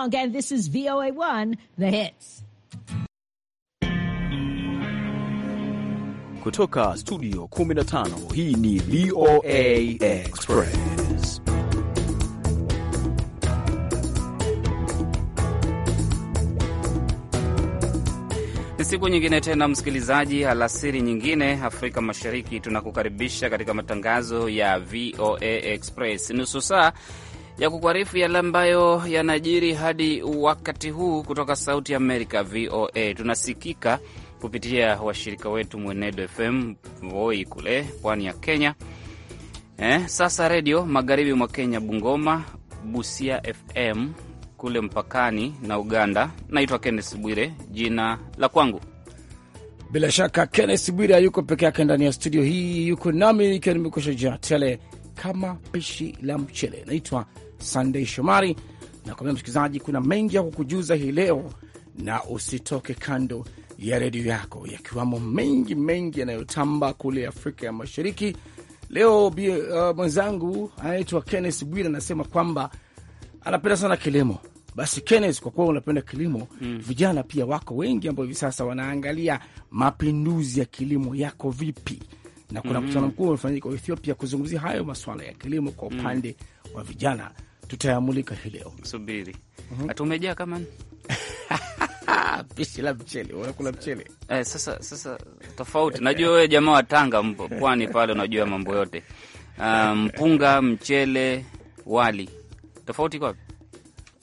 Again, this is VOA1, The Hits. Kutoka studio 15 hii ni VOA Express. Ni siku nyingine tena, msikilizaji, alasiri nyingine Afrika Mashariki, tunakukaribisha katika matangazo ya VOA Express nusu saa ya kukuarifu yale ambayo yanajiri hadi wakati huu kutoka Sauti Amerika VOA. Tunasikika kupitia washirika wetu Mwenedo FM Voi kule pwani ya Kenya, eh, sasa redio magharibi mwa Kenya, Bungoma, Busia FM kule mpakani na Uganda. Naitwa kennes Bwire, jina la kwangu. Bila shaka kennes Bwire hayuko peke yake ndani ya studio hii, yuko nami ikiwa nimekusha jaa tele kama pishi la mchele. Naitwa sandey Shomari na kuambia msikilizaji, kuna mengi ya kukujuza hii leo, na usitoke kando ya redio yako, yakiwamo mengi mengi yanayotamba kule Afrika ya Mashariki leo. Uh, mwenzangu anaitwa Kenneth bwir anasema kwamba anapenda sana kilimo. Basi Kenneth, kwa kuwa unapenda kilimo mm, vijana pia wako wengi ambao hivi sasa wanaangalia mapinduzi ya kilimo yako vipi na kuna mkutano mm -hmm. mkuu umefanyika Ethiopia kuzungumzia hayo masuala ya kilimo kwa mm-hmm. upande mm -hmm. wa vijana. Tutayamulika hii leo, subiri mm -hmm. atumejaa kama pishi la mchele, wanakula mchele eh. Sasa sasa tofauti, najua wewe jamaa wa Tanga mpo pwani pale, unajua mambo yote ah, mpunga, um, mchele, wali, tofauti kwapi?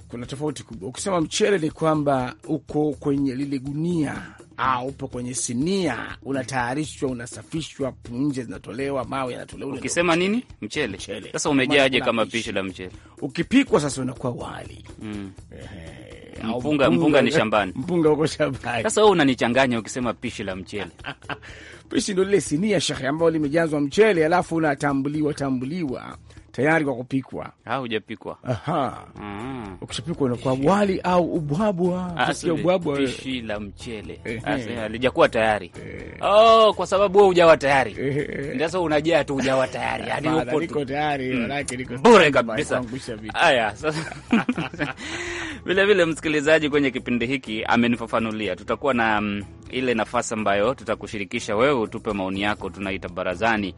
Kuna tofauti kubwa. Ukisema mchele ni kwamba uko kwenye lile gunia au ah, upo kwenye sinia, unatayarishwa, unasafishwa, punje zinatolewa, mawe yanatolewa. Ukisema nini? Mchele. Mchele. Sasa umejaje kama pishi la mchele? Ukipikwa sasa unakuwa wali. Mm. Ehe. Mpunga, mpunga, mpunga ni shambani. Mpunga uko shambani. Sasa wewe unanichanganya ukisema pishi la mchele. Pishi ndo lile sinia shekhe, ambayo limejazwa mchele alafu unatambuliwa tambuliwa tayari kwa kupikwa au hujapikwa. Aha, mm. Ukishapikwa unakuwa wali au ubwabwa, ah, ubwabwa pishi la mchele ah, halijakuwa tayari eh. Oh, kwa sababu wewe hujawa tayari ndio sasa unajaa tu hujawa tayari, yani uko niko tayari mm. manake niko bure kabisa. Haya, sasa vile vile msikilizaji kwenye kipindi hiki amenifafanulia, tutakuwa na m, mm, ile nafasi ambayo tutakushirikisha wewe, utupe maoni yako, tunaita barazani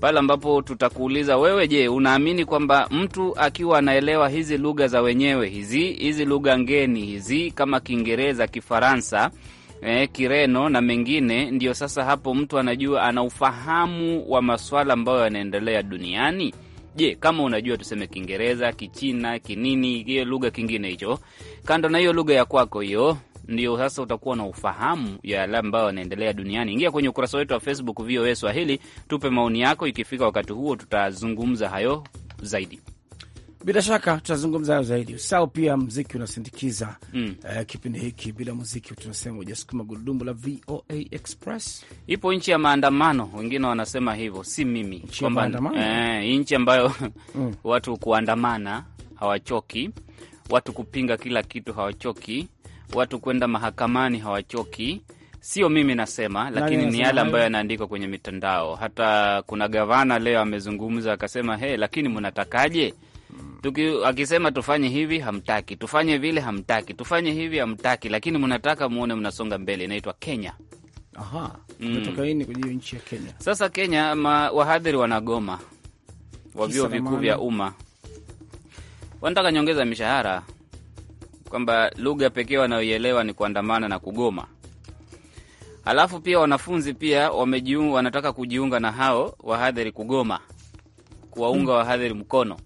pale ambapo tutakuuliza wewe, je, unaamini kwamba mtu akiwa anaelewa hizi lugha za wenyewe hizi hizi lugha ngeni hizi kama Kiingereza, Kifaransa, eh, Kireno na mengine, ndio sasa hapo mtu anajua ana ufahamu wa maswala ambayo yanaendelea duniani? Je, kama unajua tuseme Kiingereza, Kichina, kinini hiyo lugha kingine hicho, kando na hiyo lugha ya kwako hiyo ndio sasa utakuwa na ufahamu ya yale ambayo yanaendelea duniani. Ingia kwenye ukurasa wetu wa Facebook VOA Swahili, tupe maoni yako. Ikifika wakati huo, tutazungumza hayo zaidi. Bila shaka tutazungumza hayo zaidi. Sao pia mziki unasindikiza mm. Uh, kipindi hiki bila muziki tunasema ujasukuma gurudumu la VOA Express. Ipo nchi ya maandamano, wengine wanasema hivyo, si mimi kwamba eh, nchi ambayo mm. watu kuandamana hawachoki, watu kupinga kila kitu hawachoki watu kwenda mahakamani hawachoki. Sio mimi nasema, lakini ni yale ambayo yanaandikwa kwenye mitandao. Hata kuna gavana leo amezungumza akasema, he, lakini mnatakaje? Hmm. Tuki, akisema tufanye hivi hamtaki, tufanye vile hamtaki, tufanye hivi hamtaki, lakini mnataka muone mnasonga mbele. Inaitwa Kenya. Aha, hmm. Nchi ya Kenya. Sasa Kenya wahadhiri wanagoma wa vyuo vikuu vya umma, wanataka nyongeza mishahara kwamba lugha pekee wanayoielewa ni kuandamana na kugoma. Alafu pia wanafunzi pia wamejiunga, wanataka kujiunga na hao wahadhiri kugoma, kuwaunga hmm. wahadhiri mkono.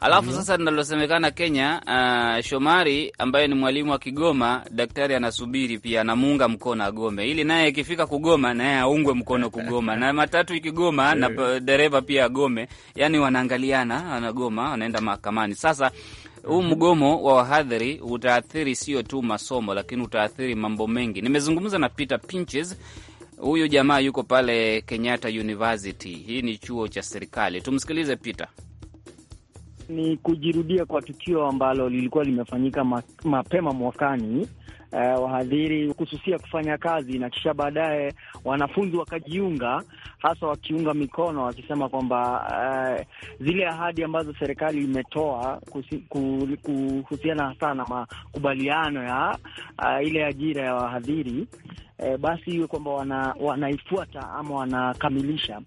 Alafu hmm. sasa linalosemekana Kenya, uh, Shomari ambaye ni mwalimu wa Kigoma, daktari anasubiri pia anamuunga mkono agome, ili naye ikifika kugoma naye aungwe mkono kugoma, na matatu ikigoma na dereva pia agome. Yani wanaangaliana, wanagoma, wanaenda mahakamani sasa huu mgomo wa wahadhiri utaathiri sio tu masomo, lakini utaathiri mambo mengi. Nimezungumza na Peter Pinches, huyu jamaa yuko pale Kenyatta University. Hii ni chuo cha serikali. Tumsikilize Peter. Ni kujirudia kwa tukio ambalo lilikuwa limefanyika mapema mwakani. Uh, wahadhiri kususia kufanya kazi na kisha baadaye wanafunzi wakajiunga hasa wakiunga mikono wakisema kwamba uh, zile ahadi ambazo serikali imetoa kuhusiana hasa na makubaliano ya uh, ile ajira ya wahadhiri uh, basi iwe kwamba wanaifuata wana ama wanakamilisha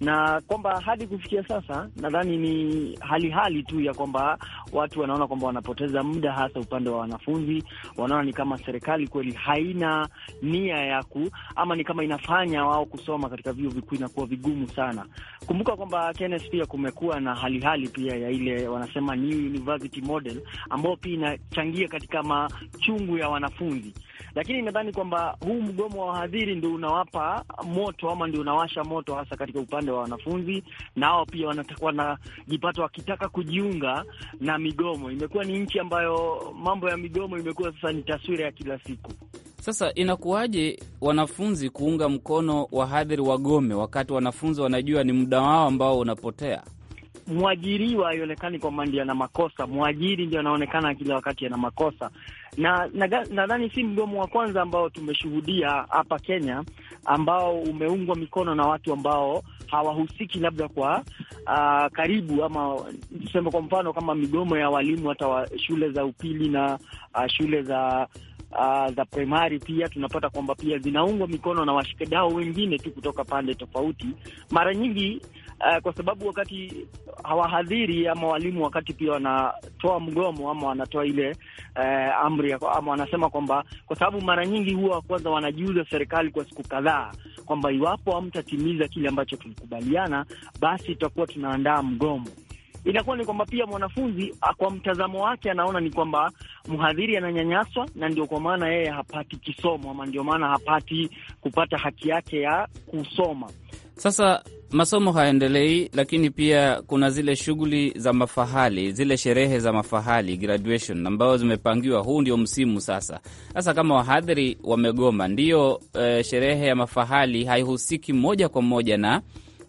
na kwamba hadi kufikia sasa nadhani ni hali hali tu ya kwamba watu wanaona kwamba wanapoteza muda, hasa upande wa wanafunzi. Wanaona ni kama serikali kweli haina nia ya ku ama ni kama inafanya wao kusoma katika vyuo vikuu inakuwa vigumu sana. Kumbuka kwamba KNS pia kumekuwa na hali hali pia ya ile wanasema new university model, ambayo pia inachangia katika machungu ya wanafunzi, lakini nadhani kwamba huu mgomo wa wahadhiri ndio unawapa moto ama ndio unawasha moto hasa katika upande upande wa wanafunzi, nao pia wanatakuwa na jipato wakitaka kujiunga na migomo. Imekuwa ni nchi ambayo mambo ya migomo imekuwa sasa ni taswira ya kila siku. Sasa inakuwaje wanafunzi kuunga mkono wahadhiri wagome, wakati wanafunzi wanajua ni muda wao ambao unapotea? Mwajiriwa haionekani kwamba ndio ana makosa, mwajiri ndio anaonekana kila wakati ana makosa. Na nadhani na si mgomo wa kwanza ambao tumeshuhudia hapa Kenya ambao umeungwa mikono na watu ambao hawahusiki labda kwa uh, karibu ama tuseme kwa mfano kama migomo ya walimu hata wa shule za upili na uh, shule za Uh, za primari pia tunapata kwamba pia zinaungwa mikono na washikadau wengine tu kutoka pande tofauti, mara nyingi uh, kwa sababu wakati hawahadhiri ama walimu, wakati pia wanatoa mgomo ama wanatoa ile uh, amri ama wanasema kwamba, kwa sababu mara nyingi huwa kwanza wanajiuza serikali kwa siku kadhaa kwamba iwapo hamtatimiza kile ambacho tulikubaliana, basi tutakuwa tunaandaa mgomo. Inakuwa ni kwamba pia mwanafunzi ah, kwa mtazamo wake anaona ni kwamba mhadhiri ananyanyaswa, na ndio kwa maana yeye hapati kisomo ama ndio maana hapati kupata haki yake ya kusoma. Sasa masomo hayaendelei, lakini pia kuna zile shughuli za mafahali, zile sherehe za mafahali graduation, ambayo zimepangiwa. Huu ndio msimu sasa. Sasa kama wahadhiri wamegoma, ndiyo e, eh, sherehe ya mafahali haihusiki moja kwa moja na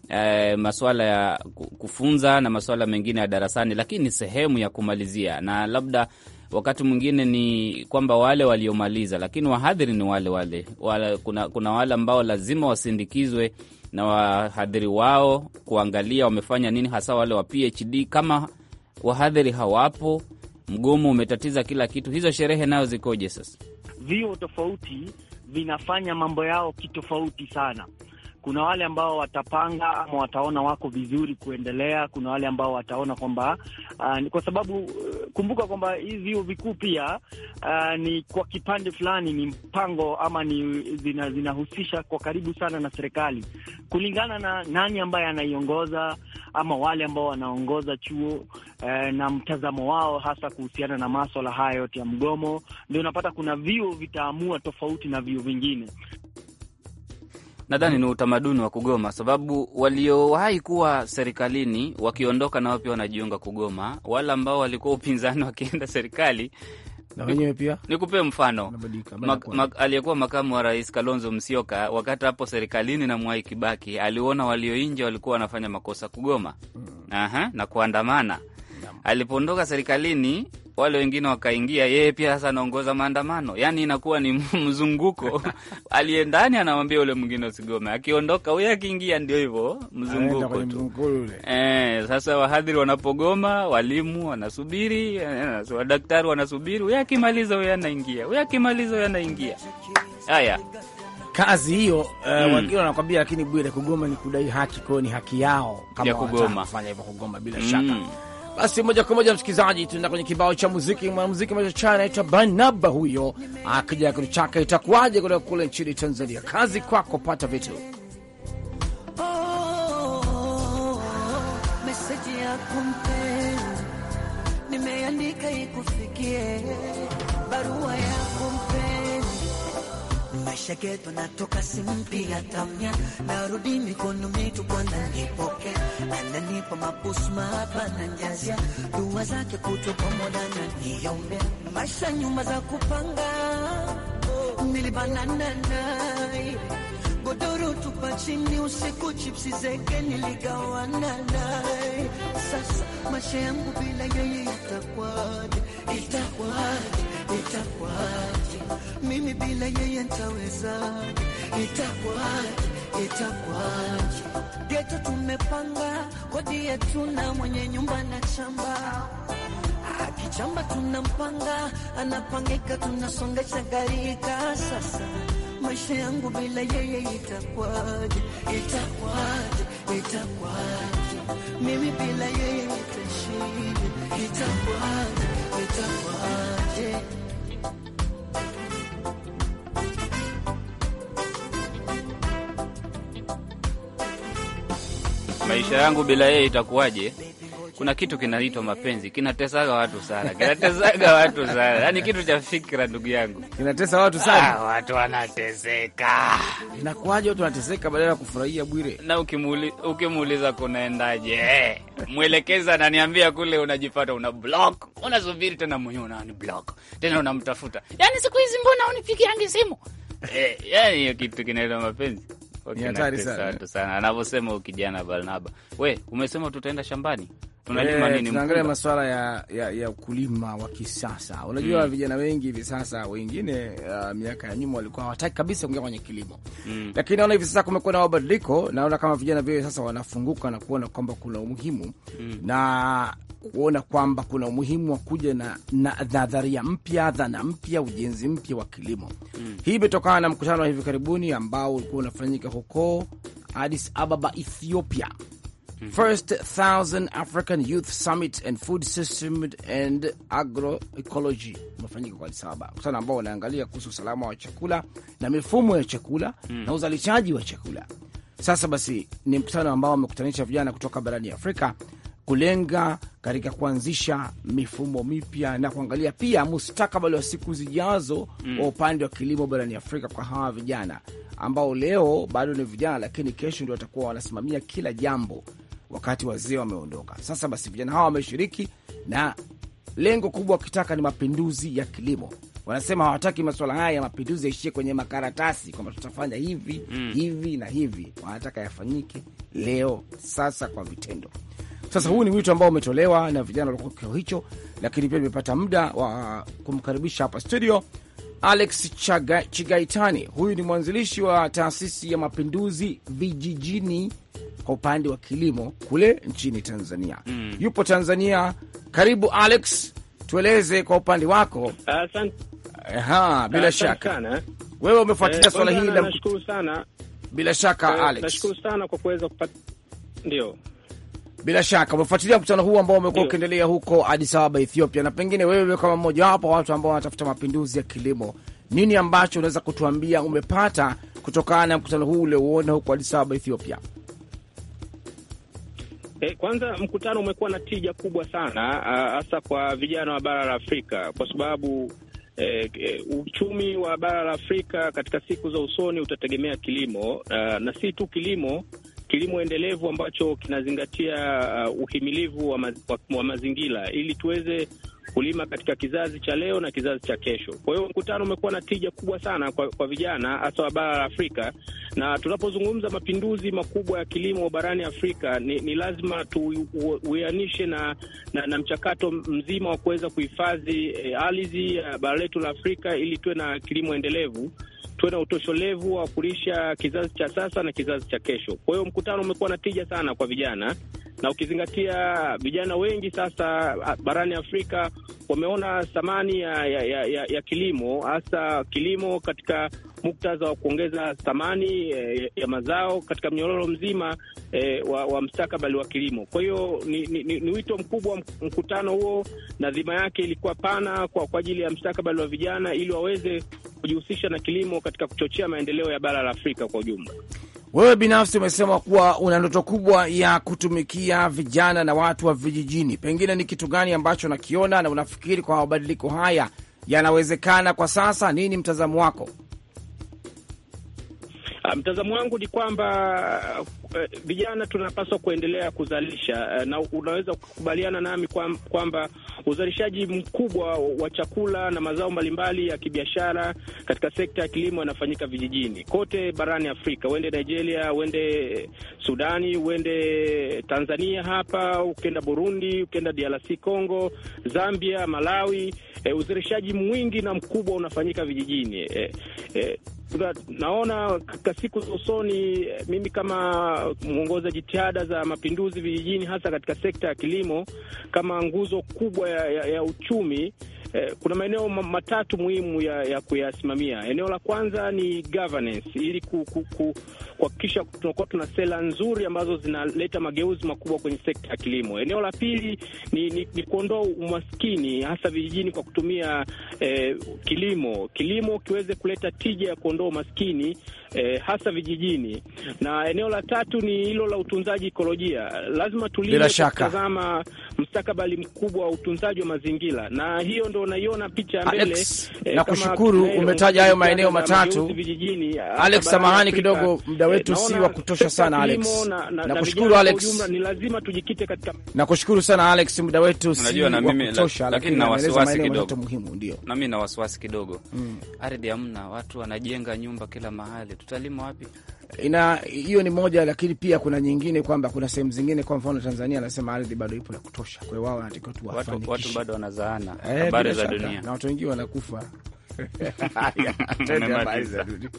e, eh, masuala ya kufunza na masuala mengine ya darasani, lakini ni sehemu ya kumalizia na labda wakati mwingine ni kwamba wale waliomaliza, lakini wahadhiri ni wale wale, wale kuna, kuna wale ambao lazima wasindikizwe na wahadhiri wao kuangalia wamefanya nini, hasa wale wa PhD. Kama wahadhiri hawapo, mgomo umetatiza kila kitu, hizo sherehe nayo zikoje? Sasa vio tofauti vinafanya mambo yao kitofauti sana. Kuna wale ambao watapanga ama wataona wako vizuri kuendelea. Kuna wale ambao wataona kwamba uh, kwa sababu eh, kumbuka kwamba hivi vyuo vikuu pia uh, ni kwa kipande fulani ni mpango ama ni zinahusisha zina kwa karibu sana na serikali, kulingana na nani ambaye anaiongoza ama wale ambao wanaongoza chuo uh, na mtazamo wao hasa kuhusiana na maswala haya yote ya mgomo, ndio unapata kuna vyuo vitaamua tofauti na vyuo vingine nadhani ni utamaduni wa kugoma, sababu waliowahi kuwa serikalini wakiondoka, nao pia wanajiunga kugoma. Wale ambao walikuwa upinzani wakienda serikali na wenyewe pia. mfano aliyekuwa makamu wa rais Kalonzo Musyoka wakati hapo serikalini na Mwai Kibaki aliona walioinje walikuwa wanafanya makosa kugoma, mm. Aha, na kuandamana. Alipoondoka serikalini wale wengine wakaingia, yeye pia sasa anaongoza maandamano. Yani inakuwa ni mzunguko aliye ndani anamwambia ule mwingine usigome, akiondoka huyo akiingia, ndio hivyo mzunguko tu. E, sasa wahadhiri wanapogoma, walimu wanasubiri, wadaktari eh, wanasubiri, huyo akimaliza huyo anaingia, huyo akimaliza huyo anaingia. Haya, kazi hiyo uh, eh, mm. Wengine wanakwambia lakini, Bwire, kugoma ni kudai haki kwao, ni haki yao kama ya kugoma, fanya hivyo kugoma bila mm. shaka basi moja kwa moja msikilizaji, tunaenda kwenye kibao cha muziki. Mwanamuziki machachana anaitwa Barnaba, huyo akija kitu chake itakuwaje kutoka kule nchini Tanzania. Kazi kwako, pata vitu oh, oh, oh, oh, Shegeto natoka simpia tamya, narudi mikono mitu, Bwana nipokea, ananipa mabusu mahaba na njazia, dua zake kutwa pamoja na niombea, maisha nyuma za kupanga nilibanana nai godoro tupa chini usiku, chipsi zeke niligawana nai Sasa maisha yangu bila yeye itakwaje? Itakwaje? Itakwaje mimi bila yeye nitawezaje? Itakwaje, itakwaje? Geto tumepanga kodi yetu na mwenye nyumba na chamba akichamba, tunampanga anapangika, tunasongesha gari sasa maisha yangu bila yeye itakwaje? Itakwaje? Itakwaje? mimi bila yeye nitashije? Itakwaje? Itakwaje? maisha yangu bila yeye itakuwaje? Kuna kitu kinaitwa mapenzi, kinatesaga watu sana, kinatesaga watu sana, yani kitu cha fikira, ndugu yangu, kinatesa watu sana. Ah, watu wanateseka. Inakuwaje watu wanateseka badala ya kufurahia Bwire? Na ukimuuliza kunaendaje, mwelekeza ananiambia kule unajipata una block, unasubiri tena mwenye unani block tena, unamtafuta. yani siku hizi mbona unipigiangi simu? Eh, yaani hiyo kitu kinaitwa mapenzi Okay, ni hatari sana, anavyosema ukijana Barnaba. We umesema tutaenda shambani Eh, tunaangalia masuala ya, ya, ya ukulima wa kisasa. Unajua mm. vijana wengi hivi sasa wengine uh, miaka ya nyuma walikuwa hawataki kabisa kuingia kwenye kilimo mm. lakini naona hivi sasa kumekuwa na mabadiliko. Naona kama vijana vyo sasa wanafunguka na kuona kwamba kuna umuhimu mm. na kuona kwamba kuna umuhimu wa kuja na nadharia mpya, dhana mpya, ujenzi mpya wa kilimo mm. Hii imetokana na mkutano wa hivi karibuni ambao ulikuwa unafanyika huko Addis Ababa, Ethiopia mm -hmm. First Thousand African Youth Summit and Food System and Agroecology umefanyika kwa Addis Ababa, mkutano ambao unaangalia kuhusu usalama wa chakula na mifumo ya chakula mm. na uzalishaji wa chakula. Sasa basi, ni mkutano ambao wamekutanisha vijana kutoka barani Afrika kulenga katika kuanzisha mifumo mipya na kuangalia pia mustakabali wa siku zijazo mm. wa upande wa kilimo barani Afrika kwa hawa vijana ambao leo bado ni vijana, lakini kesho ndio watakuwa wanasimamia kila jambo wakati wazee wameondoka. Sasa basi vijana hawa wameshiriki, na lengo kubwa wakitaka ni mapinduzi ya kilimo. Wanasema hawataki masuala haya ya mapinduzi yaishie kwenye makaratasi kwamba tutafanya hivi mm, hivi na hivi. Wanataka yafanyike leo sasa kwa vitendo. Sasa huu ni wito ambao umetolewa na vijana walikuwa kikao hicho, lakini pia imepata muda wa kumkaribisha hapa studio Alex Chaga, Chigaitani, huyu ni mwanzilishi wa taasisi ya mapinduzi vijijini kwa upande wa kilimo kule nchini Tanzania. Mm. Yupo Tanzania. Karibu Alex, tueleze kwa upande wako. Asante. Aha, bila Asante shaka sana. Wewe umefuatilia eh, swala hili la... Nashukuru sana. Bila shaka eh, Alex. Nashukuru sana kwa kuweza kupata ndio bila shaka umefuatilia mkutano huu ambao umekuwa ukiendelea huko Addis Ababa, Ethiopia, na pengine wewe kama mmojawapo wa watu ambao wanatafuta mapinduzi ya kilimo, nini ambacho unaweza kutuambia umepata kutokana na mkutano huu uliouona huko Addis Ababa, Ethiopia? E, kwanza mkutano umekuwa na tija kubwa sana ah, hasa kwa vijana wa bara la Afrika kwa sababu E, e, uchumi wa bara la Afrika katika siku za usoni utategemea kilimo, a, ah, na si tu kilimo kilimo endelevu ambacho kinazingatia uh, uhimilivu wa, maz, wa, wa mazingira ili tuweze kulima katika kizazi cha leo na kizazi cha kesho. Kwa hiyo mkutano umekuwa na tija kubwa sana kwa, kwa vijana hasa wa bara la Afrika, na tunapozungumza mapinduzi makubwa ya kilimo barani Afrika ni, ni lazima tuuanishe na, na, na mchakato mzima wa kuweza kuhifadhi eh, ardhi ya bara letu la Afrika ili tuwe na kilimo endelevu tuwe na utosholevu wa kulisha kizazi cha sasa na kizazi cha kesho. Kwa hiyo mkutano umekuwa na tija sana kwa vijana na ukizingatia vijana wengi sasa barani Afrika wameona thamani ya, ya, ya, ya kilimo hasa kilimo katika muktadha wa kuongeza thamani ya, e, ya mazao katika mnyororo mzima eh, wa, wa mstakabali wa kilimo. Kwa hiyo ni, ni, ni, ni wito mkubwa mkutano huo, na dhima yake ilikuwa pana kwa, kwa ajili ya mstakabali wa vijana ili waweze kujihusisha na kilimo katika kuchochea maendeleo ya bara la Afrika kwa ujumla. Wewe binafsi umesema kuwa una ndoto kubwa ya kutumikia vijana na watu wa vijijini, pengine ni kitu gani ambacho unakiona na unafikiri kwa mabadiliko haya yanawezekana kwa sasa? Nini mtazamo wako? Ah, mtazamo wangu ni kwamba eh, vijana tunapaswa kuendelea kuzalisha, eh, na unaweza kukubaliana nami kwamba uzalishaji mkubwa wa chakula na mazao mbalimbali ya kibiashara katika sekta ya kilimo yanafanyika vijijini kote barani Afrika, uende Nigeria, uende Sudani, uende Tanzania hapa, ukienda Burundi, ukienda DRC Congo, Zambia, Malawi, eh, uzalishaji mwingi na mkubwa unafanyika vijijini Naona katika siku za usoni, eh, mimi kama mwongoza jitihada za mapinduzi vijijini, hasa katika sekta ya kilimo kama nguzo kubwa ya, ya, ya uchumi eh, kuna maeneo matatu muhimu ya, ya kuyasimamia. Eneo la kwanza ni governance, ili kuhakikisha tunakuwa tuna sera nzuri ambazo zinaleta mageuzi makubwa kwenye sekta ya kilimo. Eneo la pili ni, ni, ni kuondoa umaskini hasa vijijini kwa kutumia eh, kilimo. Kilimo kiweze kuleta tija ya kuondoa umaskini eh, hasa vijijini, na eneo la tatu ni hilo la utunzaji ikolojia. Lazima tulime kutazama mstakabali mkubwa wa utunzaji wa mazingira, na hiyo ndo unaiona picha ya mbele. na Nakushukuru, umetaja hayo maeneo matatu Alex. Samahani kidogo, muda wetu si wa kutosha sana Alex. Nakushukuru Alex, ni lazima tujikite katika. Nakushukuru sana Alex, muda wetu si wa kutosha, lakini na wasiwasi kidogo, muhimu ndio, na mimi na wasiwasi kidogo. Mm. Ardhi hamna, watu wanajenga nyumba kila mahali tutalima wapi? Ina hiyo ni moja, lakini pia kuna nyingine kwamba kuna sehemu zingine, kwa mfano Tanzania anasema ardhi bado ipo ya kutosha, kwa hiyo wao wanatakiwa tu watu, watu bado wanazaana eh, habari e, za dunia na watu wengi wanakufa habari za dunia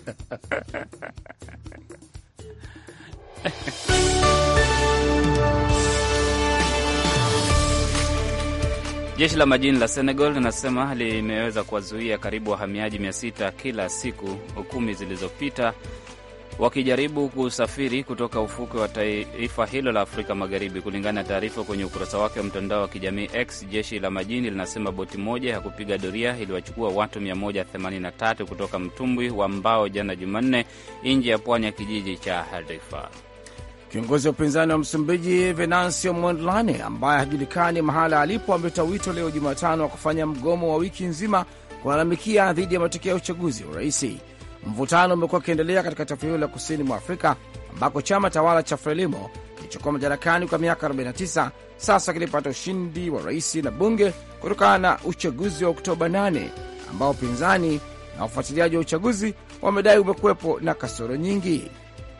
Jeshi la majini la Senegal linasema limeweza kuwazuia karibu wahamiaji 600 kila siku kumi zilizopita wakijaribu kusafiri kutoka ufukwe wa taifa hilo la Afrika Magharibi. Kulingana na taarifa kwenye ukurasa wake wa mtandao wa kijamii X, jeshi la majini linasema boti moja ya kupiga doria iliwachukua watu 183 kutoka mtumbwi wa mbao jana Jumanne, nje ya pwani ya kijiji cha Harifa. Kiongozi wa upinzani wa Msumbiji Venancio Mondlane, ambaye hajulikani mahala alipo, ametoa wito leo Jumatano wa kufanya mgomo wa wiki nzima kulalamikia dhidi ya matokeo ya uchaguzi wa uraisi. Mvutano umekuwa ukiendelea katika taifa hilo la kusini mwa Afrika ambako chama tawala cha Frelimo kilichokuwa madarakani kwa miaka 49 sasa kilipata ushindi wa rais na bunge kutokana na uchaguzi wa Oktoba 8 ambao upinzani na wafuatiliaji wa uchaguzi wamedai umekuwepo na kasoro nyingi.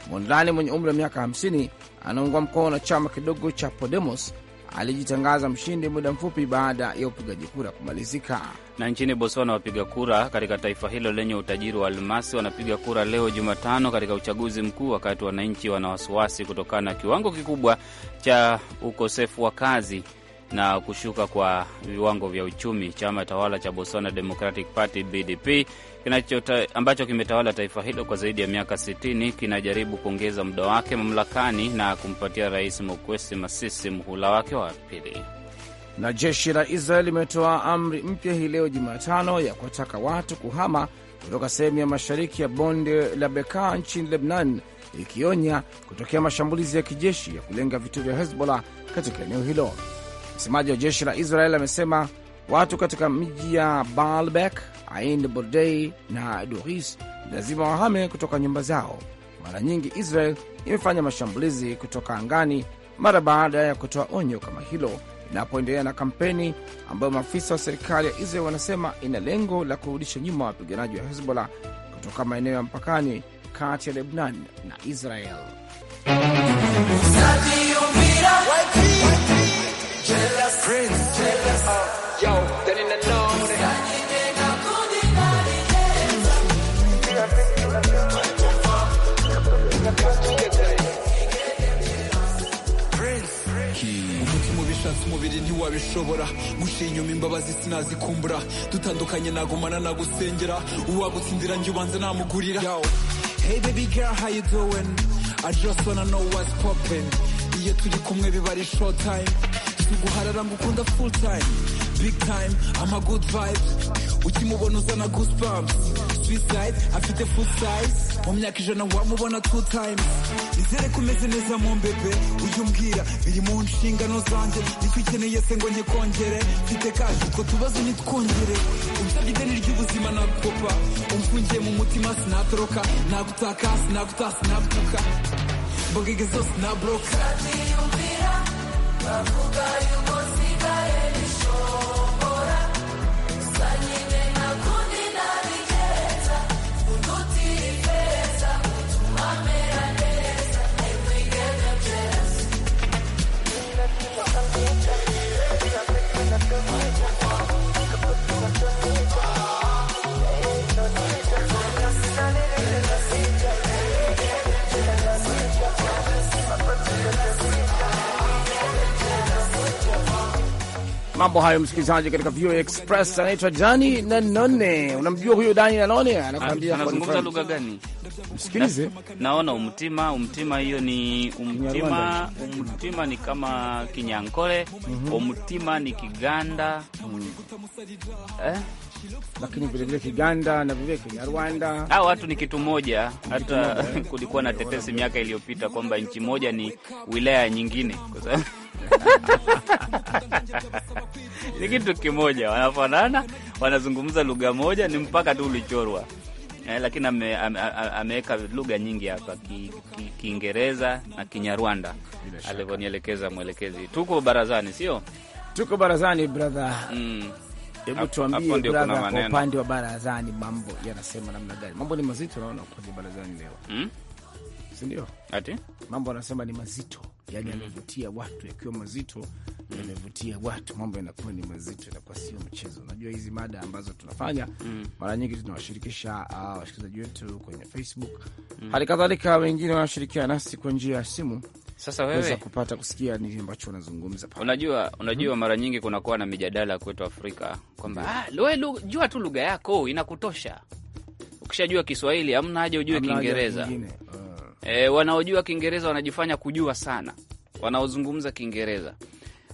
Mondlane mwenye umri wa miaka 50 anaungwa mkono na chama kidogo cha Podemos alijitangaza mshindi muda mfupi baada ya upigaji kura kumalizika. Na nchini Botswana, wapiga kura katika taifa hilo lenye utajiri wa almasi wanapiga kura leo Jumatano katika uchaguzi mkuu, wakati wananchi wana wasiwasi kutokana na kiwango kikubwa cha ukosefu wa kazi na kushuka kwa viwango vya uchumi. Chama tawala cha Botswana Democratic Party BDP kinachota, ambacho kimetawala taifa hilo kwa zaidi ya miaka 60 kinajaribu kuongeza muda wake mamlakani na kumpatia Rais Mokwesi Masisi mhula wake wa pili. Na jeshi la Israel limetoa amri mpya hii leo Jumatano ya kuwataka watu kuhama kutoka sehemu ya mashariki ya bonde la beka nchini Lebanon, ikionya kutokea mashambulizi ya kijeshi ya kulenga vituo vya Hezbollah katika eneo hilo. Msemaji wa jeshi la Israel amesema watu katika miji ya Baalbek Ain Bordei na duris lazima wahame kutoka nyumba zao. Mara nyingi Israel imefanya mashambulizi kutoka angani mara baada ya kutoa onyo kama hilo inapoendelea na kampeni ambayo maafisa wa serikali ya Israel wanasema ina lengo la kurudisha nyuma wapiganaji wa Hezbollah kutoka maeneo ya mpakani kati ya Lebnan na Israel. umubiri ntiwabishobora gushira inyuma imbabazi sinazikumbura dutandukanye nagumana nagusengera uwagutsindira njye ubanza namugurira Hey baby girl how you doing I just wanna know what's poppin iyo turi kumwe biba ari short time siguharara ngukunda full time big time I'm a good vibes ukimubona uzana goosebumps size afite full size mu myaka ijana wamubona two times izere ko umeze neza mu mbebe ujye umbwira biri mu nshingano zanjye nicyo ukeneye se ngo nyikongere mfite kandi utwo tubazo nitwongere unsabye ideni ry'ubuzima nagukopa umfungiye mu mutima sinatoroka nagutaka sinaguta sinagutuka mbogege zose nabroka bavuga yuko nsigaye nishora Mambo hayo msikilizaji, katika VOA Express. Anaitwa Dani Nanone, unamjua huyo Dani Nanone? Anakuambia anazungumza lugha gani? Msikilize. na, Naona umtima umtima, hiyo ni umtima. Umtima ni kama Kinyankole. mm -hmm. Umtima ni Kiganda. mm. eh? lakini vilevile Kiganda na vilevile Kenya, Rwanda, hawa watu ni kitu moja. Hata kulikuwa na tetesi miaka iliyopita kwamba nchi moja ni wilaya nyingine, kwa sababu ni kitu kimoja, wanafanana, wanazungumza lugha moja, ni mpaka tu ulichorwa eh, lakini ameweka ame, ame lugha nyingi hapa Kiingereza ki, ki na Kinyarwanda alivyonielekeza mwelekezi. Tuko barazani, sio tuko barazani, brother mm. Hebu tuambie brada, kwa upande wa barazani mambo yanasema namna gani? Mambo ni mazito, naona kwenye barazani leo mm? Sindio, ati mambo anasema ni mazito, yani hmm. yamevutia mm -hmm. watu yakiwa mazito mm -hmm. yamevutia watu, mambo yanakuwa ni mazito, inakuwa sio mchezo. Unajua hizi mada ambazo tunafanya mm -hmm. mara nyingi tunawashirikisha uh, ah, washikilizaji wetu kwenye Facebook mm hali kadhalika, wengine wanashirikiana nasi kwa njia ya simu sasa wewe kupata kusikia nini ambacho unazungumza pale. Unajua, mhm. unajua mara nyingi kunakuwa na mijadala kwetu Afrika kwamba ah, wewe jua tu lugha yako inakutosha. Ukishajua Kiswahili amna haja ujue Kiingereza. E, wanaojua Kiingereza wanajifanya kujua sana, wanaozungumza Kiingereza.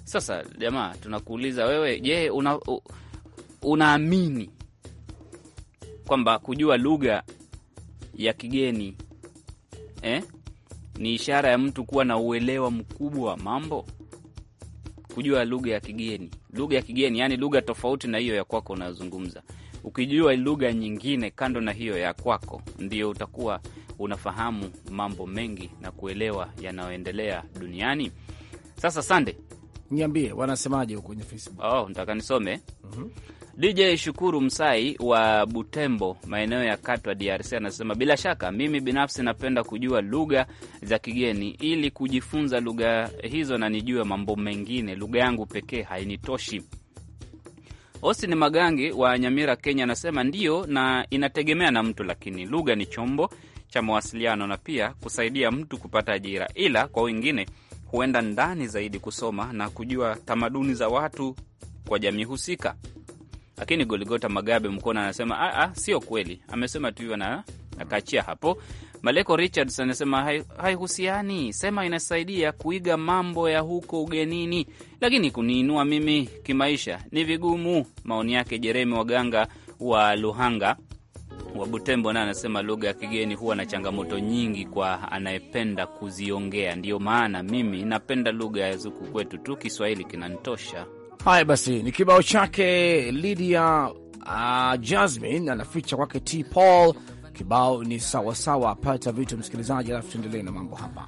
Sasa jamaa, tunakuuliza wewe, je, una, unaamini kwamba kujua lugha ya kigeni eh, ni ishara ya mtu kuwa na uelewa mkubwa wa mambo, kujua lugha ya kigeni, lugha ya kigeni, yaani lugha tofauti na hiyo ya kwako unayozungumza. Ukijua lugha nyingine kando na hiyo ya kwako, ndio utakuwa unafahamu mambo mengi na kuelewa yanayoendelea duniani. Sasa Sande, niambie wanasemaje huko kwenye Facebook. Oh, nataka nisome mm -hmm. DJ Shukuru Msai wa Butembo, maeneo ya Katwa, DRC, anasema bila shaka, mimi binafsi napenda kujua lugha za kigeni ili kujifunza lugha hizo na nijue mambo mengine. Lugha yangu pekee hainitoshi. osini Magangi wa Nyamira, Kenya, anasema ndiyo, na inategemea na mtu, lakini lugha ni chombo cha mawasiliano na pia kusaidia mtu kupata ajira, ila kwa wengine huenda ndani zaidi kusoma na kujua tamaduni za watu kwa jamii husika. Lakini Goligota Magabe Mkona anasema ah, ah, sio kweli, amesema tu hivyo na akaachia hapo. Maleko Richards anasema haihusiani, hai sema inasaidia kuiga mambo ya huko ugenini, lakini kuniinua mimi kimaisha ni vigumu. Maoni yake Jeremi Waganga wa Luhanga wa Butembo naye anasema lugha ya kigeni huwa na changamoto nyingi kwa anayependa kuziongea. Ndiyo maana mimi napenda lugha ya zuku kwetu tu, Kiswahili kinanitosha. Haya basi, ni kibao chake Lydia uh, Jasmine anaficha kwake T Paul. Kibao ni sawasawa. Pata vitu msikilizaji, alafu tuendelee na mambo hapa.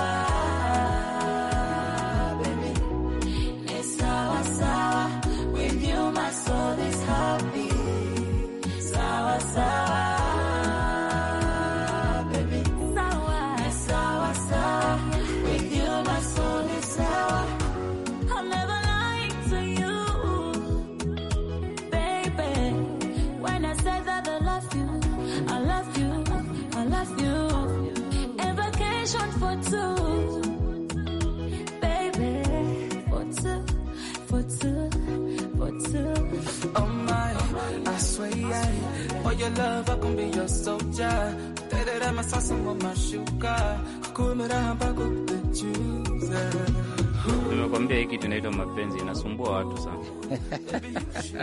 your love, I can be your soldier. Kuterera masasa mwa mashuka, kukumira the kutechuza. Nimekwambia hiki tunaitwa mapenzi, inasumbua watu sana.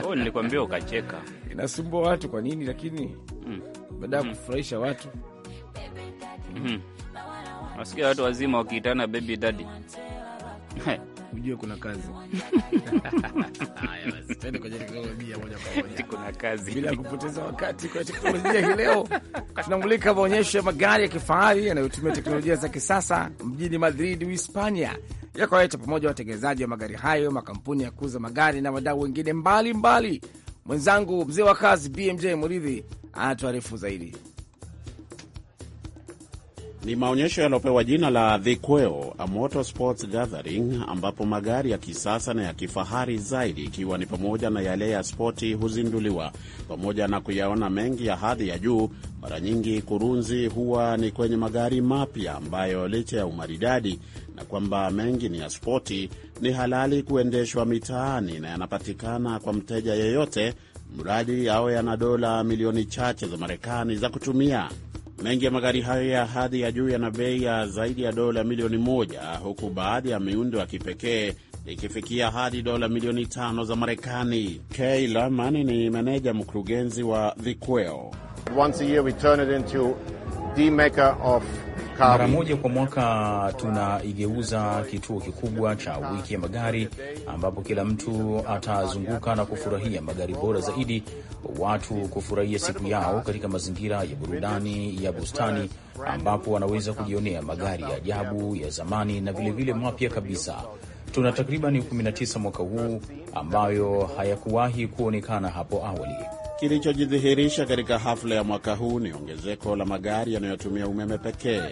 Oh, nilikwambia ukacheka. Inasumbua watu kwa nini? Lakini mm. baada ya mm. kufurahisha watu mm -hmm. Nasikia watu wazima wakiitana baby daddy ujue kuna kazi. kuna kazi bila kupoteza wakati. kwa teknolojia hii leo tunamulika maonyesho ya magari ya kifahari yanayotumia teknolojia za kisasa mjini Madrid, Uhispania, yakawaleta pamoja watengenezaji wa magari hayo, makampuni ya kuuza magari na wadau wengine mbalimbali. Mwenzangu mzee wa kazi BMJ Muridhi anatuarifu zaidi. Ni maonyesho yaliopewa jina la The Quail, a gathering, ambapo magari ya kisasa na ya kifahari zaidi ikiwa ni pamoja na yale ya spoti huzinduliwa. Pamoja na kuyaona mengi ya hadhi ya juu, mara nyingi kurunzi huwa ni kwenye magari mapya ambayo licha ya umaridadi na kwamba mengi ni ya spoti, ni halali kuendeshwa mitaani na yanapatikana kwa mteja yeyote, mradi awe ana dola milioni chache za Marekani za kutumia. Mengi ya magari hayo ya hadhi ya juu yana bei ya zaidi ya dola milioni moja huku baadhi ya miundo ya kipekee ikifikia hadi dola milioni tano za Marekani. Kay Laman ni meneja mkurugenzi wa thiqueo Once a year we turn it into the of mara moja kwa mwaka tunaigeuza kituo kikubwa cha wiki ya magari, ambapo kila mtu atazunguka na kufurahia magari bora zaidi, watu kufurahia siku yao katika mazingira ya burudani ya bustani, ambapo wanaweza kujionea magari ya ajabu ya zamani na vilevile mapya kabisa. Tuna takribani 19 mwaka huu ambayo hayakuwahi kuonekana hapo awali. Kilichojidhihirisha katika hafla ya mwaka huu ni ongezeko la magari yanayotumia umeme pekee,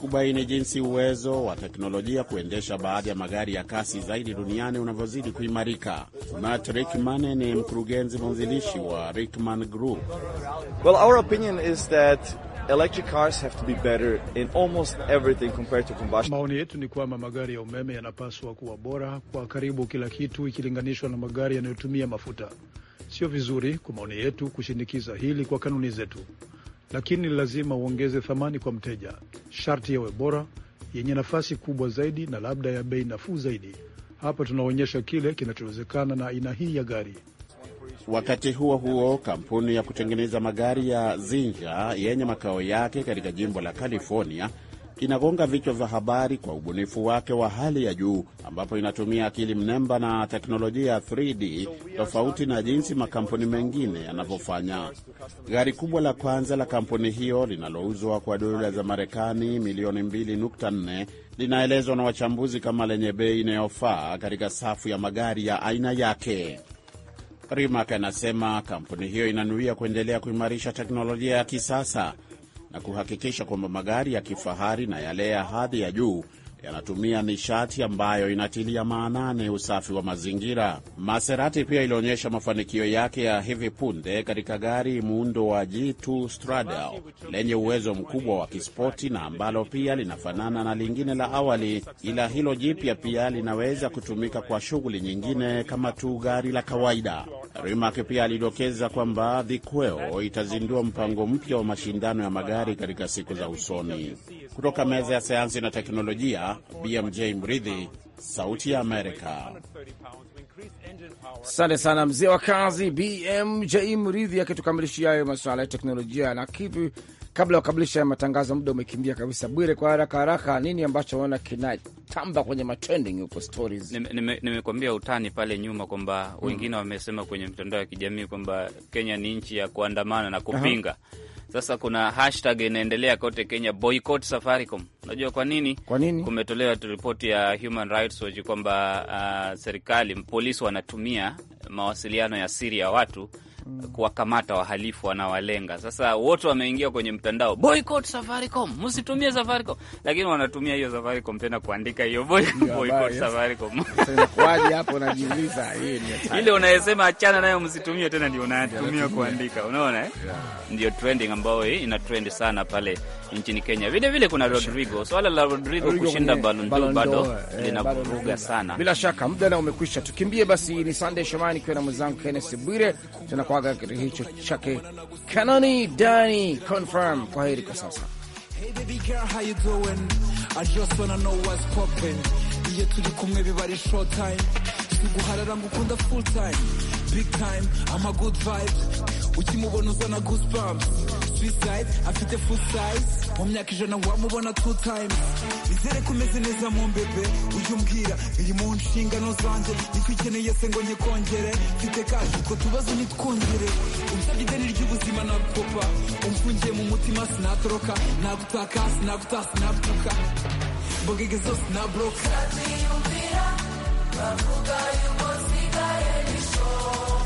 kubaini jinsi uwezo wa teknolojia kuendesha baadhi ya magari ya kasi zaidi duniani unavyozidi kuimarika. Matt Rickman ni mkurugenzi mwanzilishi wa Rickman Group. Well, our opinion is that electric cars have to be better in almost everything compared to combustion. Maoni yetu ni kwamba magari ya umeme yanapaswa kuwa bora kwa karibu kila kitu ikilinganishwa na magari yanayotumia mafuta. Sio vizuri kwa maoni yetu kushinikiza hili kwa kanuni zetu, lakini lazima uongeze thamani kwa mteja. Sharti yawe bora, yenye nafasi kubwa zaidi na labda ya bei nafuu zaidi. Hapa tunaonyesha kile kinachowezekana na aina hii ya gari. Wakati huo huo, kampuni ya kutengeneza magari ya Zinja yenye makao yake katika jimbo la California kinagonga vichwa vya habari kwa ubunifu wake wa hali ya juu, ambapo inatumia akili mnemba na teknolojia ya 3D tofauti na jinsi makampuni mengine yanavyofanya. Gari kubwa la kwanza la kampuni hiyo linalouzwa kwa dola za Marekani milioni 2.4 linaelezwa na wachambuzi kama lenye bei inayofaa katika safu ya magari ya aina yake. Rimak anasema kampuni hiyo inanuia kuendelea kuimarisha teknolojia ya kisasa na kuhakikisha kwamba magari ya kifahari na yale ya hadhi ya juu yanatumia nishati ambayo inatilia maanani usafi wa mazingira. Maserati pia ilionyesha mafanikio yake ya hivi punde katika gari muundo wa G2 Stradale lenye uwezo mkubwa wa kispoti na ambalo pia linafanana na lingine la awali, ila hilo jipya pia linaweza kutumika kwa shughuli nyingine kama tu gari la kawaida. Rimac pia alidokeza kwamba The itazindua mpango mpya wa mashindano ya magari katika siku za usoni. Kutoka meza ya sayansi na teknolojia BMJ Mridhi, Sauti ya Amerika. Asante sana mzee wa kazi BMJ Mridhi akitukamilishia hayo masuala ya teknolojia na kitu. Kabla ya kukamilisha matangazo, muda umekimbia kabisa. Bwire, kwa haraka haraka, nini ambacho unaona kinatamba kwenye matrending huko stories? Nimekuambia utani pale nyuma kwamba mm. wengine wamesema kwenye mitandao ya kijamii kwamba Kenya ni nchi ya kuandamana na kupinga uh -huh. Sasa kuna hashtag inaendelea kote Kenya, boycott Safaricom. Unajua kwa nini? Kwa nini? Kumetolewa ripoti ya Human Rights Watch kwamba uh, serikali polisi wanatumia mawasiliano ya siri ya watu Mm. kuwakamata wahalifu wanawalenga. Sasa wote wameingia kwenye mtandao, boycott Safaricom, msitumie Safaricom, lakini wanatumia hiyo Safaricom tena kuandika hiyo boycott Safaricom. Inakuwaje hapo? Najiuliza ile unayesema achana nayo, msitumie tena, ndio unatumia kuandika, unaona eh? Ndio trending ambayo ina trend sana pale nchini Kenya. Vile vile kuna Rodrigo, swala la Rodrigo kushinda Ballon d'Or bado eh, linavuruga sana. Bila shaka muda nao umekwisha, tukimbie basi. Ni Sunday Shomani kwa na mwenzangu Kenneth Bwire tuna kumwaga kitu hicho chake Kanoni Dani confirm kwa heri kwa sasa. Hey baby girl, how you doing? I just wanna know what's popping. Iyo turi kumwe biba ari short time. Siguharara ngukunda full time. Big time, I'm a good vibes. Ukimubona uzana goosebumps. b afite full size mu myaka ijana wamubona two times izere kumeze neza mu mbebe ujya umbwira biri mu nshingano zanjye icyo ukeneye se ngo nyikongere mfite kaje utwo tubazo nitwongere unsabye ideni ry'ubuzima na nagukopa umfungiye mu mutima sinatoroka nagutaka sinaguta sinagutuka mbogege zose nabroka sinatiyumvira bavuga yuko nsigaye nishora